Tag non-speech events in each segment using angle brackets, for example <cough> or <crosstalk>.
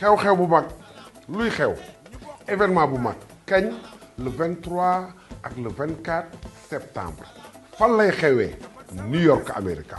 xew-xew bu mag luy xew événement bu ma kañ le 23 ak le 24 septembre fan lay xewee New York America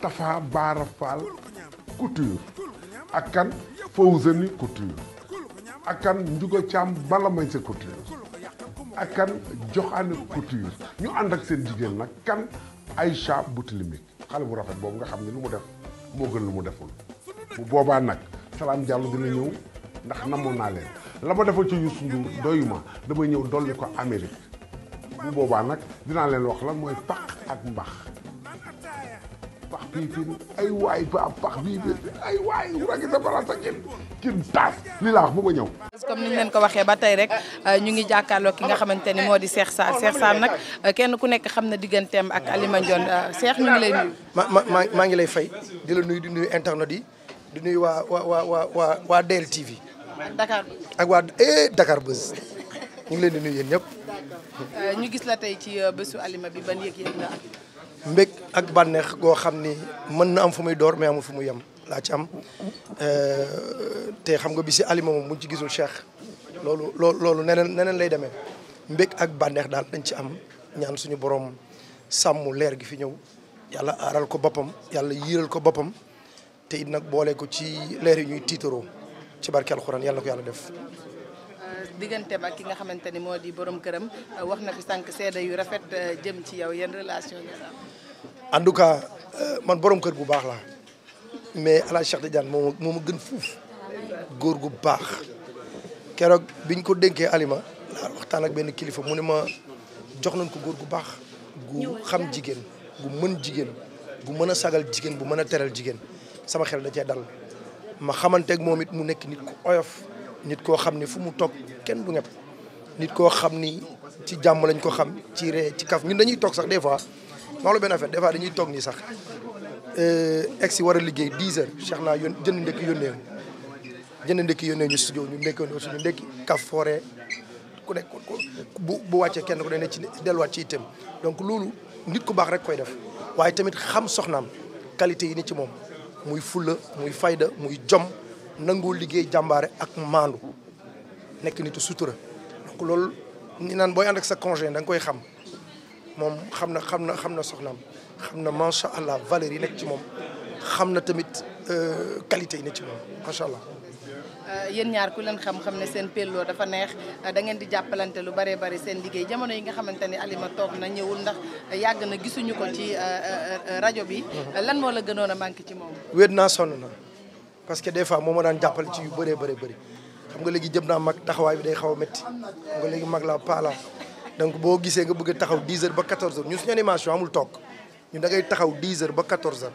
Tafa Baara Fall couture ak kan Fawzani couture ak kan Ndiouga Thiam bala may sa couture ak kan Joxaane couture ñu ànd ak seen jigéen nag kan ay Aïcha Boutilimique xale bu rafet boobu nga xam ne lu mu def moo gën lu mu deful bu boobaa nag Salam Diallo dina ñëw ndax namoon naa leen la ma defal ci Youssou Ndour doyuma damay ñëw dool dolli ko Amérique bu boobaa nag dinaa leen wax lan mooy paq ak mbax fii ay waay ba bi ay waay ragi dabarata kin kin taas li niñ leen ko waxee ba tey rek euh, ñu ngi jàkkaarloo ki nga xamante ni moo di seex Sarr Cheikh Sarr oh, nag euh, kenn ku nekk xam na digganteem ak Alima Ndione euh, Cheikh ñu ngi lay nuyu ma maa ngi lay fay di la nuy di nuyu internet yi di nuy waa waa waa waa waa waa DL TV Dakar ak waa eh, Dakar Buzz ñu ngi leen di nuyu yéen ñëpp ñu gis la tey ci bésu Alima bi ban yëg yëg nga mbég ak bànneex goo xam ni mën na am fu muy door mais amul fu muy yem laa ci am euh, te xam nga bi si alima mu buñ ci gisul cheikh loolu loolu loolu neneen neneen lay demee mbég ak bànneex daal dañ ci am ñaan suñu borom sàmm leer gi fi ñëw yàlla aaral ko boppam yàlla yiiral ko boppam te it nag boole ko ci leer yi ñuy tiitaroo ci barke alxuraan yàlla ko yàlla def digganteem ak ki nga xamante ni moo di borom këram euh, wax na fi sànq seede yu rafet euh, jëm ci yow yenn relation en tout cas euh, man borom kër bu baax laa mais El Hadj Cheikh Tidiane moom a moo ma gën fuuf góor gu baax keroog biñ ko dénkee alima laa waxtaan ak benn kilifa mu ne ma jox nañ ko góor gu baax gu xam jigéen gu mën jigéen gu mën a sagal jigéen bu mën a teral jigéen sama xel da cee dal ma xamanteeg moom it mu nekk nit ku oyof nit koo xam ni fu mu toog kenn du ñëpp nit koo xam ni ci jàmm lañ ko xam ci ree ci kaf ñun dañuy toog sax des fois ma la benn affaire des fois dañuy toog nii sax egg euh, si war a liggéey 10 heures Cheikh naa yón jënd ndekki yónnee jënd ndekki yónnee ñu studio ñu ndekkandoo suñu ndekki kaf foore ku nekk bu bu wàccee kenn ku ne ci delluwaat ci itam donc loolu nit ku baax rek koy def waaye tamit xam soxnaam qualité yi ni ci moom muy fulla muy fayda muy jom nangoo liggéey jàmbaare ak maandu nekk nitu sutura donc loolu ni naan booy ànd ak sa congé da nga koy xam moom xam na xam na xam na soxnaam xam na macha allah valeur yi nekk ci moom xam na tamit euh, qualité yi nekk ci moom macha allah. Euh, yéen ñaar ku leen xam-xam ne seen pelloo dafa neex euh, da ngeen di jàppalante lu bëree bëri seen liggéey jamono yi nga xamante ni Alima toog na ñëwul ndax yàgg na gisuñu ko ci rajo bi. Mm-hmm. lan moo la gënoon a manqué ci moom. wéet naa sonn na. parce que des fois moo naan daan jàppale ci yu bëree bëri bëri xam nga léegi jëm naa mag taxawaay bi day xaw a métti xam nga léegi mag la paala donc boo gisee nga bëgg taxaw 10 heures ba 14 heures ñun suñu animation amul toog ñun da ngay taxaw 10 heures ba 14 heures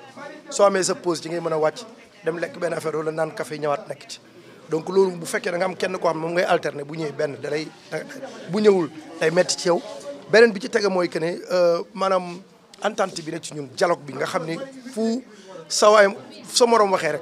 soo amee sa pose ci ngay mën a wàcc dem lekk benn affaire wala naan café ñëwaat nekk ci donc loolu bu fekkee da am kenn ko xam ne moom ngay alterner bu ñëwee benn da lay bu ñëwul day métti ci yow beneen bi ci tege mooy que ne euh, maanaam entente bi ne ci ñun dialogue bi nga xam ne fu sa waay sa morom waxee rek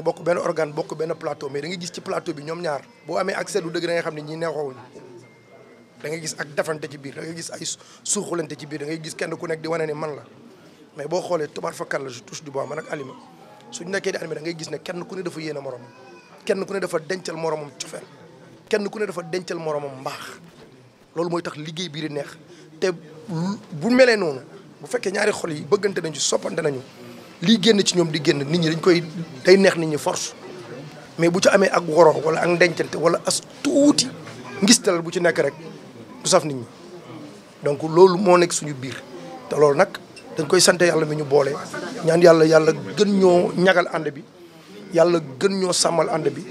bokk benn organe bokk benn plateau mais da nga gis ci plateau bi ñoom ñaar boo amee accès du dëgg da nga xam ne ñi neexoowuñ da nga gis ak defante ci biir da nga gis ay suuxulante ci biir da ngay gis kenn ku nekk di wane ne man la mais boo xoolee tubaar fakkal la je touche du bois man ak Alima suñ nekkee di ngay gis ne kenn ku ne dafa yéene moromam kenn ku ne dafa dencal moromam cofeel kenn ku ne dafa dencal moromam mbaax loolu mooy tax liggéey bii di neex te bu melee noonu bu fekkee ñaari xol yi bëggante nañu soppante nañu lii génn ci ñoom di génn nit ñi dañ koy day neex nit ñi force mais bu ci amee ak woroo wala ak ndencante wala as tuuti ngistal bu ci nekk rek du saf nit ñi donc loolu moo nekk suñu biir te loolu nag dañ koy sant yàlla mi ñu boole ñaan yàlla yàlla gën ñoo ñagal ànd bi yàlla gën ñoo sàmmal ànd bi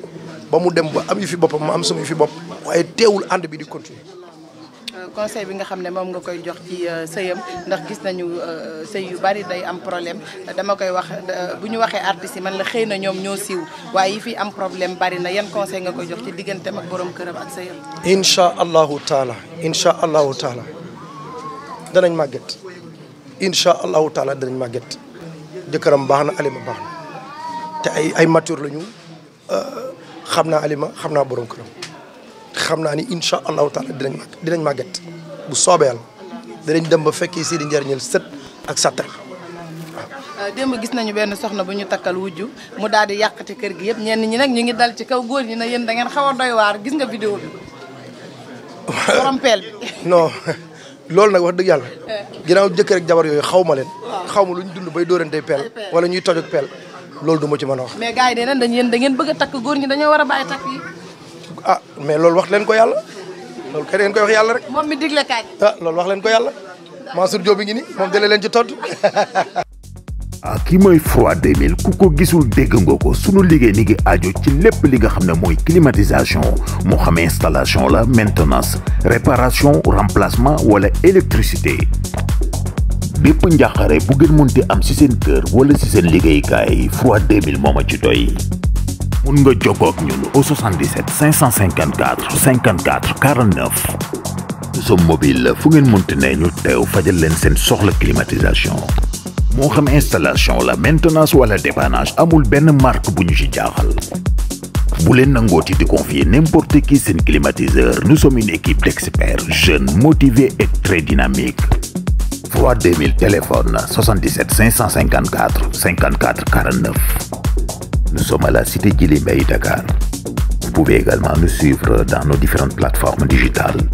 ba mu dem ba am yu fi boppam ma am sama yu fi bopp waaye teewul ànd bi di continuer conseil bi nga xam ne moom nga koy jox ci sëyam ndax gis nañu sëy yu bari day am problème dama koy wax bu ñu waxee artistes yi man la xëy na ñoom ñoo siiw waaye yi fi am problème bari na yan conseil nga koy jox ci digganteem ak borom këram ak sëyam. incha allahu taala incha allahu taala danañ màgget incha allahu taala danañ màgget jëkkëram baax na alima baax na te ay ay mature la ñu xam naa alima xam naa borom këram. xamna ni incha allahu taala dinañ mag dinañ màgget bu soobee dinañ dem ba fekkee si di njëriñal sët ak satta euh, démb gis nañu ben soxna buñu takal wujju mu daldi yakati kër gi yeb ñen ñi nak ñu ngi dal ci kaw goor ñi na yeen da ngeen xawa doy waar gis nga vidéo bi borom pel bi <laughs> non lool nak wax deug yalla euh. ginaaw jëkkër ak jabar yoy xawma len xawmu luñu dund bay doorante pel wala ñuy toj ak pel lool duma ci mëna wax mais gaay de nañ dañ yeen da ngeen bëgg tak goor ñi dañoo wara a tak yi ah mais loolu wax len ko yalla loolu kay leen koy wax yalla rek. mom mi digle kaay. ah loolu wax len ko yalla Mansour Diop bi ngi ni mom dalee len ci todd <laughs> ah ki moy froid 2000 kuko gisul deg nga ko sunu liggéey ni ngi aju ci lepp li nga xam moy climatisation mo xamé installation la maintenance réparation remplacement wala électricité. bepp njàqare bu ngeen mënti am ci sen cœur wala ci sen seen kay froid 2000 moma ci doy. Nous nga au 77 554 54 49. Nous mobile fu ngeen munti ne ñu teew fajal leen seen soxla climatisation. moo xam installation la maintenance wala dépannage amul benn marque bu ñu ci jaaxal. bu leen nangooti confier n'importe qui un climatiseur nous sommes une équipe d'experts jeunes motivés et très dynamiques. 3 2000 téléphone 77 554 54 49. Nous sommes à la cité et Dakar. Vous pouvez également nous suivre dans nos différentes plateformes digitales.